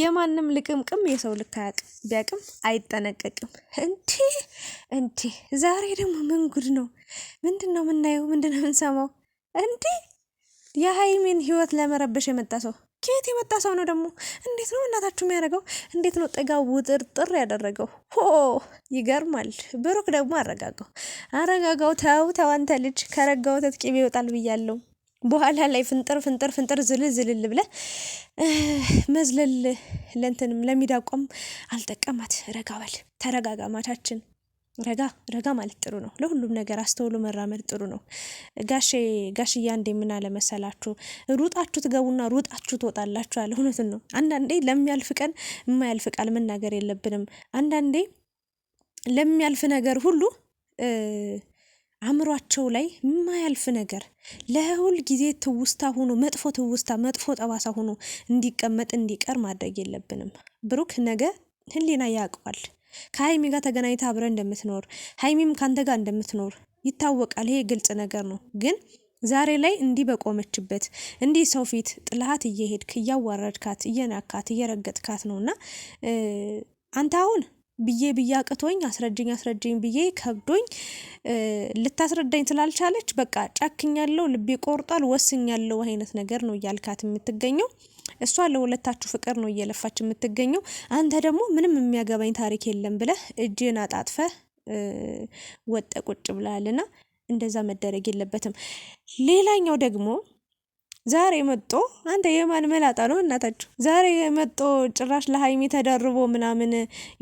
የማንም ልቅምቅም የሰው ልክ አያውቅም፣ ቢያውቅም አይጠነቀቅም። እንዲህ እንዲህ ዛሬ ደግሞ ምን ጉድ ነው? ምንድን ነው የምናየው? ምንድን ነው የምንሰማው? እንዲህ የሀይሚን ህይወት ለመረበሽ የመጣ ሰው ከየት የመጣ ሰው ነው ደግሞ? እንዴት ነው እናታችሁ የሚያደርገው? እንዴት ነው ጥጋው ውጥርጥር ያደረገው? ሆ ይገርማል። ብሩክ ደግሞ አረጋጋው፣ አረጋጋው። ተው ተው፣ አንተ ልጅ ከረጋ ወተት ይወጣል ብያለሁ። በኋላ ላይ ፍንጥር ፍንጥር ፍንጥር ዝልል ዝልል ብለ መዝለል ለእንትንም ለሚዳቋም አልጠቀማት። ረጋበል ተረጋጋ። ማታችን ረጋ ረጋ ማለት ጥሩ ነው። ለሁሉም ነገር አስተውሎ መራመድ ጥሩ ነው። ጋሼ ጋሽያ አንዴ ምን አለ መሰላችሁ፣ ሩጣችሁ ትገቡና ሩጣችሁ ትወጣላችሁ አለ። እውነትን ነው። አንዳንዴ ለሚያልፍ ቀን የማያልፍ ቃል መናገር የለብንም። አንዳንዴ ለሚያልፍ ነገር ሁሉ አእምሯቸው ላይ የማያልፍ ነገር ለሁል ጊዜ ትውስታ ሆኖ መጥፎ ትውስታ መጥፎ ጠባሳ ሆኖ እንዲቀመጥ እንዲቀር ማድረግ የለብንም። ብሩክ ነገ ህሊና ያውቀዋል ከሀይሚ ጋር ተገናኝታ አብረ እንደምትኖር ሀይሚም ካንተ ጋር እንደምትኖር ይታወቃል። ይሄ ግልጽ ነገር ነው። ግን ዛሬ ላይ እንዲህ በቆመችበት እንዲህ ሰው ፊት ጥልሃት እየሄድክ እያዋረድካት፣ እየናካት፣ እየረገጥካት ነውና አንተ አሁን ብዬ ብዬ አቅቶኝ አስረጅኝ አስረጅኝ ብዬ ከብዶኝ ልታስረዳኝ ስላልቻለች በቃ ጨክኛለሁ፣ ልቤ ቆርጧል፣ ወስኛለሁ አይነት ነገር ነው እያልካት የምትገኘው። እሷ ለሁለታችሁ ፍቅር ነው እየለፋች የምትገኘው። አንተ ደግሞ ምንም የሚያገባኝ ታሪክ የለም ብለህ እጅን አጣጥፈ ወጠ ቁጭ ብላልና እንደዛ መደረግ የለበትም። ሌላኛው ደግሞ ዛሬ መጦ አንተ የማን መላጣ ነው እናታችሁ? ዛሬ መጦ ጭራሽ ለሀይሚ ተደርቦ ምናምን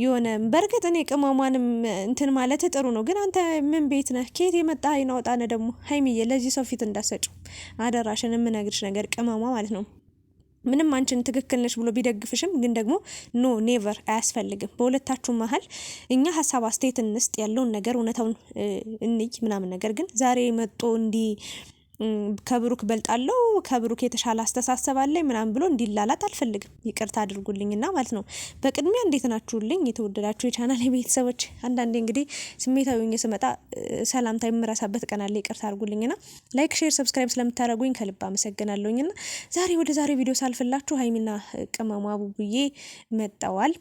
የሆነ በእርግጥ እኔ ቅመሟንም እንትን ማለት ጥሩ ነው፣ ግን አንተ ምን ቤት ነህ? ከየት የመጣ ሀይና ወጣነ? ደግሞ ሀይሚዬ ለዚህ ሰው ፊት እንዳሰጩ አደራሽን፣ የምነግርሽ ነገር ቅመሟ ማለት ነው ምንም አንቺን ትክክል ነች ብሎ ቢደግፍሽም ግን ደግሞ ኖ ኔቨር አያስፈልግም። በሁለታችሁ መሀል እኛ ሀሳብ አስተያየት እንስጥ፣ ያለውን ነገር እውነታውን እንይ ምናምን ነገር ግን ዛሬ መጦ እንዲ ከብሩክ በልጣለው ከብሩክ የተሻለ አስተሳሰብ አለኝ ምናምን ብሎ እንዲላላት አልፈልግም። ይቅርታ አድርጉልኝና ማለት ነው። በቅድሚያ እንዴት ናችሁልኝ የተወደዳችሁ የቻናል ቤተሰቦች? አንዳንዴ እንግዲህ ስሜታዊ ስመጣ ሰላምታ የምረሳበት ቀን አለ። ይቅርታ አድርጉልኝና ላይክ፣ ሼር፣ ሰብስክራይብ ስለምታደርጉኝ ከልብ አመሰግናለሁኝና ዛሬ ወደ ዛሬ ቪዲዮ ሳልፍላችሁ ሀይሚና ቅመሟ ቡቡዬ መጠዋል።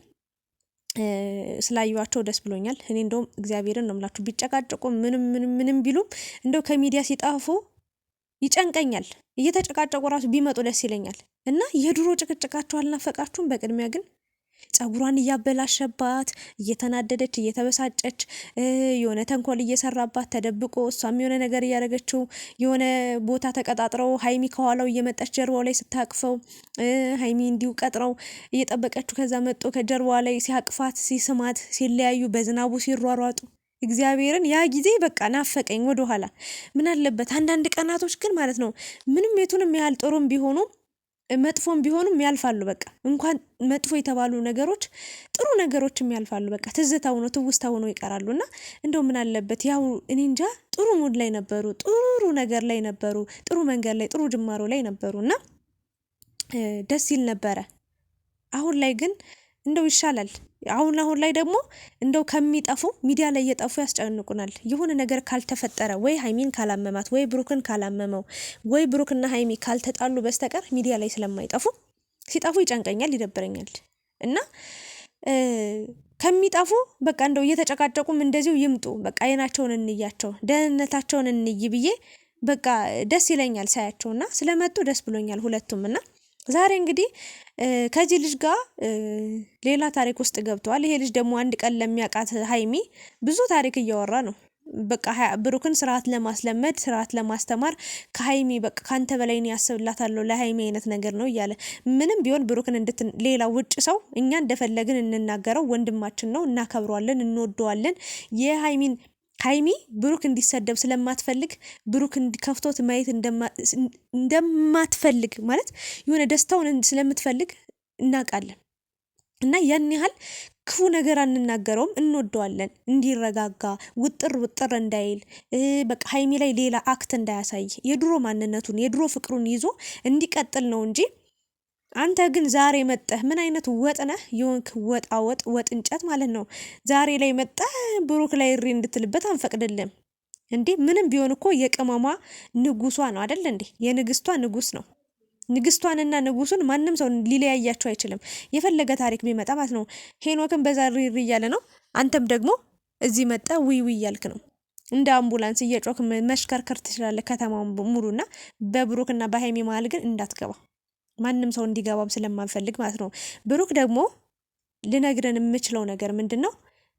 ስላዩዋቸው ደስ ብሎኛል። እኔ እንደውም እግዚአብሔርን ነው የምላችሁ ቢጨቃጨቁ ምንም ምንም ምንም ቢሉም እንደው ከሚዲያ ሲጣፉ ይጨንቀኛል። እየተጨቃጨቁ ራሱ ቢመጡ ደስ ይለኛል። እና የድሮ ጭቅጭቃቸው አልናፈቃችሁም? በቅድሚያ ግን ጸጉሯን እያበላሸባት እየተናደደች እየተበሳጨች የሆነ ተንኮል እየሰራባት ተደብቆ እሷም የሆነ ነገር እያደረገችው የሆነ ቦታ ተቀጣጥረው ሀይሚ ከኋላው እየመጣች ጀርባው ላይ ስታቅፈው ሀይሚ እንዲሁ ቀጥረው እየጠበቀችው ከዛ መጦ ከጀርባዋ ላይ ሲያቅፋት ሲስማት ሲለያዩ በዝናቡ ሲሯሯጡ እግዚአብሔርን ያ ጊዜ በቃ ናፈቀኝ ወደኋላ ምን አለበት። አንዳንድ ቀናቶች ግን ማለት ነው ምንም የቱንም ያህል ጥሩም ቢሆኑ መጥፎም ቢሆኑም ያልፋሉ። በቃ እንኳን መጥፎ የተባሉ ነገሮች ጥሩ ነገሮችም ያልፋሉ። በቃ ትዝታ ሆኖ ትውስታ ሆኖ ይቀራሉ እና እንደው ምን አለበት ያው እኔ እንጃ ጥሩ ሙድ ላይ ነበሩ፣ ጥሩ ነገር ላይ ነበሩ፣ ጥሩ መንገድ ላይ ጥሩ ጅማሮ ላይ ነበሩ እና ደስ ይል ነበረ። አሁን ላይ ግን እንደው ይሻላል። አሁን አሁን ላይ ደግሞ እንደው ከሚጠፉ ሚዲያ ላይ እየጠፉ ያስጨንቁናል። የሆነ ነገር ካልተፈጠረ ወይ ሀይሚን ካላመማት ወይ ብሩክን ካላመመው ወይ ብሩክና ሀይሚ ካልተጣሉ በስተቀር ሚዲያ ላይ ስለማይጠፉ ሲጠፉ ይጨንቀኛል፣ ይደብረኛል እና ከሚጠፉ በቃ እንደው እየተጨቃጨቁም እንደዚሁ ይምጡ። በቃ አይናቸውን እንያቸው፣ ደህንነታቸውን እንይ ብዬ በቃ ደስ ይለኛል ሳያቸውና ስለመጡ ደስ ብሎኛል ሁለቱም እና ዛሬ እንግዲህ ከዚህ ልጅ ጋር ሌላ ታሪክ ውስጥ ገብተዋል። ይሄ ልጅ ደግሞ አንድ ቀን ለሚያውቃት ሀይሚ ብዙ ታሪክ እያወራ ነው። በቃ ብሩክን ስርዓት ለማስለመድ ስርዓት ለማስተማር ከሀይሚ በቃ ከአንተ በላይ ነው ያስብላታለሁ ለሀይሚ አይነት ነገር ነው እያለ ምንም ቢሆን ብሩክን እንድት ሌላ ውጭ ሰው እኛ እንደፈለግን እንናገረው፣ ወንድማችን ነው፣ እናከብረዋለን፣ እንወደዋለን የሀይሚን ሀይሚ ብሩክ እንዲሰደብ ስለማትፈልግ ብሩክ ከፍቶት ማየት እንደማትፈልግ ማለት የሆነ ደስታውን ስለምትፈልግ እናውቃለን። እና ያን ያህል ክፉ ነገር አንናገረውም፣ እንወደዋለን። እንዲረጋጋ ውጥር ውጥር እንዳይል በቃ ሀይሚ ላይ ሌላ አክት እንዳያሳይ የድሮ ማንነቱን የድሮ ፍቅሩን ይዞ እንዲቀጥል ነው እንጂ አንተ ግን ዛሬ መጠህ ምን አይነት ወጥ ነህ የሆንክ ወጣ ወጥ ወጥ እንጨት ማለት ነው። ዛሬ ላይ መጠህ ብሩክ ላይ እሪ እንድትልበት አንፈቅድልም። እንዴ ምንም ቢሆን እኮ የቅመሟ ንጉሷ ነው አደለ እንዴ? የንግስቷ ንጉስ ነው። ንግስቷንና ንጉሱን ማንም ሰው ሊለያያቸው አይችልም። የፈለገ ታሪክ ቢመጣ ማለት ነው። ሄኖክን በዛ እሪ እሪ እያለ ነው። አንተም ደግሞ እዚህ መጣ ውይ ውይ እያልክ ነው። እንደ አምቡላንስ እየጮክ መሽከርከር ትችላለህ ከተማውን ሙሉና በብሩክና በሀይሚ መሀል ግን እንዳትገባ ማንም ሰው እንዲገባም ስለማንፈልግ ማለት ነው። ብሩክ ደግሞ ልነግረን የምችለው ነገር ምንድን ነው?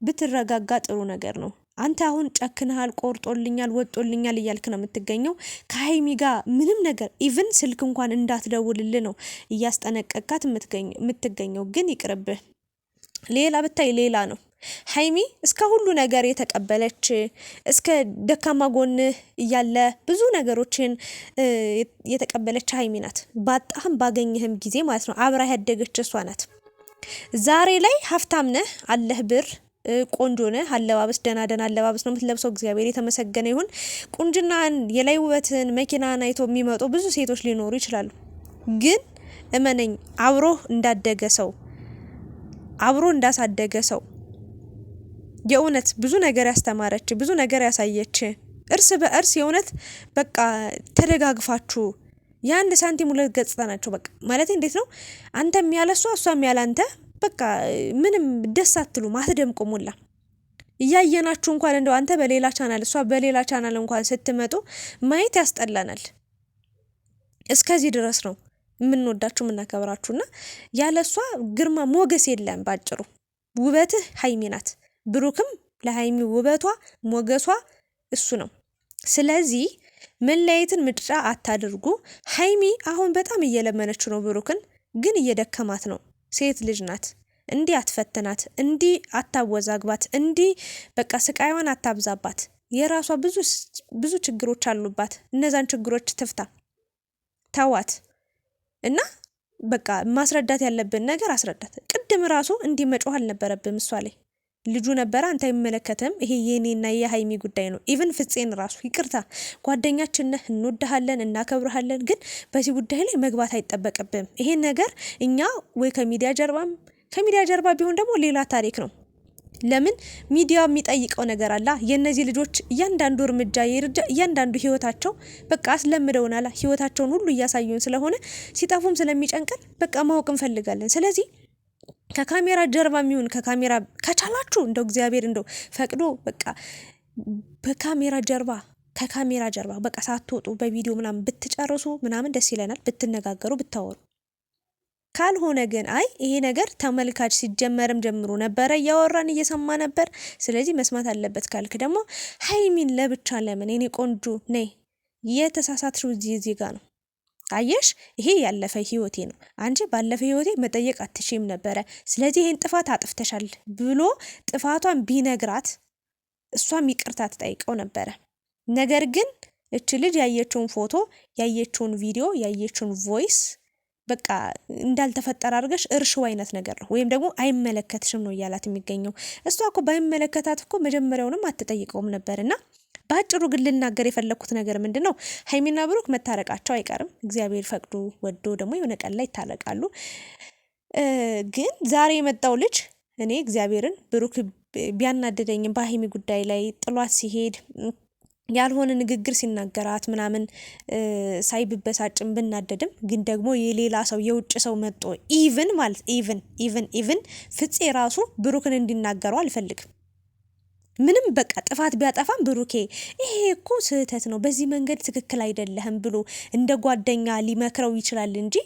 ብትረጋጋ ጥሩ ነገር ነው። አንተ አሁን ጨክንሃል፣ ቆርጦልኛል፣ ወጦልኛል እያልክ ነው የምትገኘው። ከሀይሚ ጋር ምንም ነገር ኢቭን ስልክ እንኳን እንዳትደውልል ነው እያስጠነቀቃት የምትገኘው። ግን ይቅርብህ። ሌላ ብታይ ሌላ ነው። ሀይሚ እስከ ሁሉ ነገር የተቀበለች እስከ ደካማ ጎንህ እያለ ብዙ ነገሮችን የተቀበለች ሀይሚ ናት። ባጣህም ባገኘህም ጊዜ ማለት ነው አብራ ያደገች እሷ ናት። ዛሬ ላይ ሀብታም ነህ አለህ ብር ቆንጆ ነህ። አለባበስ ደህና ደህና አለባበስ ነው የምትለብሰው። እግዚአብሔር የተመሰገነ ይሁን። ቁንጅናን፣ የላይ ውበትን፣ መኪናን አይቶ የሚመጡ ብዙ ሴቶች ሊኖሩ ይችላሉ። ግን እመነኝ አብሮህ እንዳደገ ሰው አብሮ እንዳሳደገ ሰው የእውነት ብዙ ነገር ያስተማረች ብዙ ነገር ያሳየች እርስ በእርስ የእውነት በቃ ተደጋግፋችሁ የአንድ ሳንቲም ሁለት ገጽታ ናቸው። በቃ ማለት እንዴት ነው? አንተም ያለ እሷ እሷም አንተ በቃ ምንም ደስ አትሉ ማትደምቁ ሙላ እያየናችሁ እንኳን እንደው አንተ በሌላ ቻናል እሷ በሌላ ቻናል እንኳን ስትመጡ ማየት ያስጠላናል። እስከዚህ ድረስ ነው የምንወዳችሁ የምናከብራችሁና ያለ እሷ ግርማ ሞገስ የለም። ባጭሩ ውበትህ ሀይሚ ናት። ብሩክም ለሀይሚ ውበቷ ሞገሷ እሱ ነው። ስለዚህ መለያየትን ምርጫ አታድርጉ። ሀይሚ አሁን በጣም እየለመነች ነው ብሩክን፣ ግን እየደከማት ነው። ሴት ልጅ ናት። እንዲህ አትፈትናት፣ እንዲህ አታወዛግባት፣ እንዲህ በቃ ስቃይዋን አታብዛባት። የራሷ ብዙ ችግሮች አሉባት። እነዛን ችግሮች ትፍታ፣ ተዋት እና በቃ ማስረዳት ያለብን ነገር አስረዳት። ቅድም ራሱ እንዲህ መጮህ አልነበረብም እሷ ላይ ልጁ ነበረ አንተ አይመለከትም፣ ይሄ የኔና የሀይሚ ጉዳይ ነው። ኢቨን ፍፄን ራሱ ይቅርታ ጓደኛችን ነህ፣ እንወድሃለን፣ እናከብርሃለን፣ ግን በዚህ ጉዳይ ላይ መግባት አይጠበቅብም። ይሄ ነገር እኛ ወይ ከሚዲያ ጀርባም ከሚዲያ ጀርባ ቢሆን ደግሞ ሌላ ታሪክ ነው። ለምን ሚዲያ የሚጠይቀው ነገር አላ የእነዚህ ልጆች እያንዳንዱ እርምጃ እያንዳንዱ ህይወታቸው በቃ አስለምደውናላ። ህይወታቸውን ሁሉ እያሳዩን ስለሆነ ሲጠፉም ስለሚጨንቀን በቃ ማወቅ እንፈልጋለን። ስለዚህ ከካሜራ ጀርባ የሚሆን ከካሜራ ከቻላችሁ እንደው እግዚአብሔር እንደው ፈቅዶ በቃ በካሜራ ጀርባ ከካሜራ ጀርባ በቃ ሳትወጡ በቪዲዮ ምናምን ብትጨርሱ ምናምን ደስ ይለናል፣ ብትነጋገሩ፣ ብታወሩ። ካልሆነ ግን አይ ይሄ ነገር ተመልካች ሲጀመርም ጀምሮ ነበረ እያወራን እየሰማ ነበር፣ ስለዚህ መስማት አለበት ካልክ ደግሞ ሀይሚን ለብቻ ለምን የኔ ቆንጆ ነይ የተሳሳትሽው እዚህ ዜጋ ነው አየሽ ይሄ ያለፈ ህይወቴ ነው። አንቺ ባለፈ ህይወቴ መጠየቅ አትችም ነበረ። ስለዚህ ይህን ጥፋት አጥፍተሻል ብሎ ጥፋቷን ቢነግራት እሷም ይቅርታ ትጠይቀው ነበረ። ነገር ግን እች ልጅ ያየችውን ፎቶ፣ ያየችውን ቪዲዮ፣ ያየችውን ቮይስ በቃ እንዳልተፈጠረ አድርገሽ እርሽው አይነት ነገር ነው። ወይም ደግሞ አይመለከትሽም ነው እያላት የሚገኘው። እሷ እኮ ባይመለከታት እኮ መጀመሪያውንም አትጠይቀውም ነበር እና በአጭሩ ግን ልናገር የፈለግኩት ነገር ምንድን ነው፣ ሀይሚና ብሩክ መታረቃቸው አይቀርም። እግዚአብሔር ፈቅዶ ወዶ ደግሞ የሆነ ቀን ላይ ይታረቃሉ። ግን ዛሬ የመጣው ልጅ እኔ እግዚአብሔርን ብሩክ ቢያናደደኝም በሀይሚ ጉዳይ ላይ ጥሏት ሲሄድ ያልሆነ ንግግር ሲናገራት ምናምን ሳይብበሳጭም ብናደድም ግን ደግሞ የሌላ ሰው የውጭ ሰው መጦ ኢቭን ማለት ኢቭን ኢቭን ኢቭን ፍፄ ራሱ ብሩክን እንዲናገረው አልፈልግም። ምንም በቃ ጥፋት ቢያጠፋም ብሩኬ ይሄ እኮ ስህተት ነው፣ በዚህ መንገድ ትክክል አይደለህም ብሎ እንደ ጓደኛ ሊመክረው ይችላል እንጂ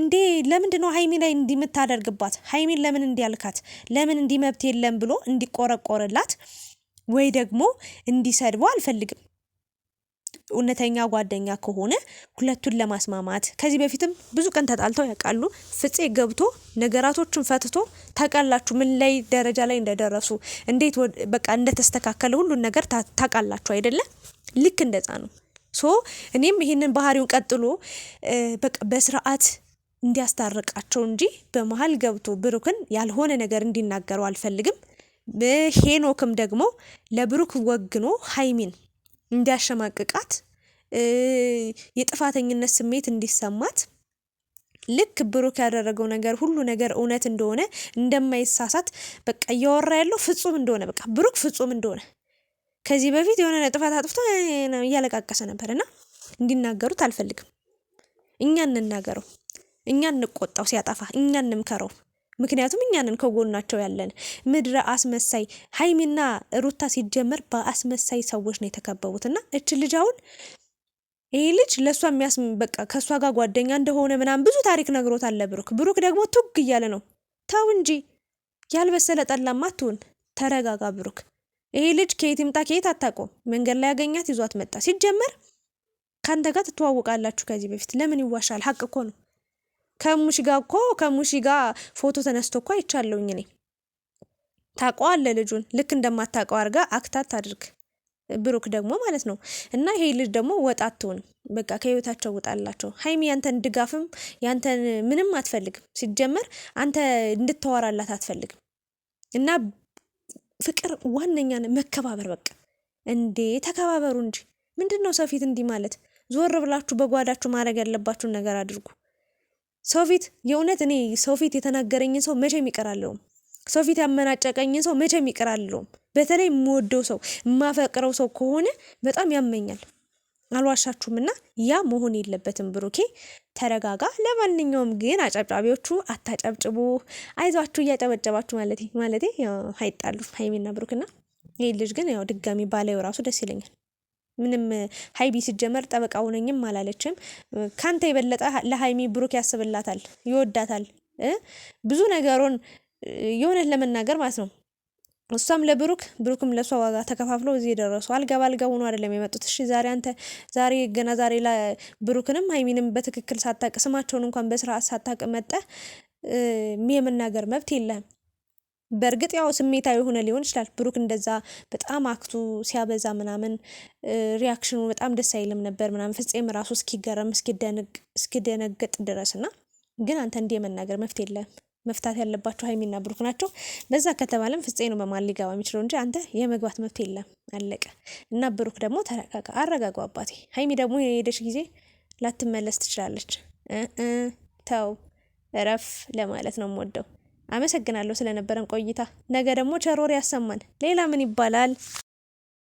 እንዴ ለምንድን ነው ሀይሚ ላይ እንዲምታደርግባት ሀይሚን ለምን እንዲያልካት ለምን እንዲመብት የለም ብሎ እንዲቆረቆርላት ወይ ደግሞ እንዲሰድበው አልፈልግም። እውነተኛ ጓደኛ ከሆነ ሁለቱን ለማስማማት ከዚህ በፊትም ብዙ ቀን ተጣልተው ያውቃሉ። ፍፄ ገብቶ ነገራቶችን ፈትቶ ታውቃላችሁ፣ ምን ላይ ደረጃ ላይ እንደደረሱ እንዴት በቃ እንደተስተካከለ ሁሉን ነገር ታውቃላችሁ አይደለም? ልክ እንደዛ ነው። ሶ እኔም ይህንን ባህሪውን ቀጥሎ በቃ በስርዓት እንዲያስታርቃቸው እንጂ በመሀል ገብቶ ብሩክን ያልሆነ ነገር እንዲናገረው አልፈልግም። ሄኖክም ደግሞ ለብሩክ ወግኖ ሀይሚን እንዲያሸማቅቃት የጥፋተኝነት ስሜት እንዲሰማት ልክ ብሩክ ያደረገው ነገር ሁሉ ነገር እውነት እንደሆነ እንደማይሳሳት በቃ እያወራ ያለው ፍጹም እንደሆነ በቃ ብሩክ ፍጹም እንደሆነ ከዚህ በፊት የሆነ ጥፋት አጥፍቶ እያለቃቀሰ ነበር እና እንዲናገሩት አልፈልግም። እኛ እንናገረው፣ እኛ እንቆጣው፣ ሲያጠፋ እኛ እንምከረው። ምክንያቱም እኛንን ከጎናቸው ያለን ምድረ አስመሳይ ሀይሚና ሩታ ሲጀመር በአስመሳይ ሰዎች ነው የተከበቡት። እና እች ልጅ አሁን ይህ ልጅ ለእሷ የሚያስ በቃ ከእሷ ጋር ጓደኛ እንደሆነ ምናምን ብዙ ታሪክ ነግሮት አለ ብሩክ። ብሩክ ደግሞ ቱግ እያለ ነው። ተው እንጂ ያልበሰለ ጠላማ ትሁን። ተረጋጋ ብሩክ። ይሄ ልጅ ከየት ይምጣ ከየት አታውቀውም። መንገድ ላይ ያገኛት ይዟት መጣ። ሲጀመር ከአንተ ጋር ትተዋወቃላችሁ ከዚህ በፊት ለምን ይዋሻል? ሀቅ እኮ ነው። ከሙሽ ጋ እኮ ከሙሽ ጋ ፎቶ ተነስቶ እኮ አይቻለውኝ እኔ። ታውቀዋለህ ልጁን ልክ እንደማታውቀው አድርጋ አክታት አድርግ ብሩክ ደግሞ ማለት ነው። እና ይሄ ልጅ ደግሞ ወጣ አትሆን፣ በቃ ከህይወታቸው ውጣላቸው። ሀይሚ ያንተን ድጋፍም ያንተን ምንም አትፈልግም። ሲጀመር አንተ እንድታወራላት አትፈልግም። እና ፍቅር ዋነኛ መከባበር፣ በቃ እንዴ ተከባበሩ እንጂ ምንድን ነው ሰው ፊት እንዲህ ማለት? ዞር ብላችሁ በጓዳችሁ ማድረግ ያለባችሁን ነገር አድርጉ። ሰው ፊት የእውነት እኔ ሰው ፊት የተናገረኝን ሰው መቼም ይቅር አልለውም። ሰው ፊት ያመናጨቀኝን ሰው መቼም ይቅር በተለይ የምወደው ሰው የማፈቅረው ሰው ከሆነ በጣም ያመኛል። አልዋሻችሁም እና ያ መሆን የለበትም። ብሩኬ ተረጋጋ። ለማንኛውም ግን አጨብጫቢዎቹ አታጨብጭቡ፣ አይዟችሁ እያጨበጨባችሁ ማለት ማለት አይጣሉ ሀይሜና ብሩክና ይህ ልጅ ግን ያው ድጋሚ ባላዩ ራሱ ደስ ይለኛል። ምንም ሀይሚ ሲጀመር ጠበቃ ሁነኝም አላለችም። ካንተ የበለጠ ለሀይሚ ብሩክ ያስብላታል፣ ይወዳታል። ብዙ ነገሩን የሆነት ለመናገር ማለት ነው። እሷም ለብሩክ ብሩክም ለእሷ ዋጋ ተከፋፍሎ እዚህ የደረሱ አልጋ ባልጋ ሆኖ አይደለም የመጡት። እሺ ዛሬ አንተ ዛሬ ገና ዛሬ ብሩክንም ሀይሚንም በትክክል ሳታቅ ስማቸውን እንኳን በስርዓት ሳታቅ መጠ የመናገር መብት የለህም። በእርግጥ ያው ስሜታዊ ሆነ ሊሆን ይችላል። ብሩክ እንደዛ በጣም አክቱ ሲያበዛ ምናምን ሪያክሽኑ በጣም ደስ አይልም ነበር ምናምን ፍፄም ራሱ እስኪገረም እስኪደነገጥ ድረስ እና ግን አንተ እንዲህ መናገር መፍት የለም መፍታት ያለባቸው ሀይሚና ብሩክ ናቸው። በዛ ከተባለም ፍጼ ነው በማን ሊገባ የሚችለው እንጂ አንተ የመግባት መብት የለም አለቀ። እና ብሩክ ደግሞ ተረጋጋ፣ አረጋጉ አባቴ። ሀይሚ ደግሞ የሄደች ጊዜ ላትመለስ ትችላለች። ተው እረፍ ለማለት ነው የምወደው። አመሰግናለሁ ስለነበረን ቆይታ። ነገ ደግሞ ቸሮር ያሰማን። ሌላ ምን ይባላል?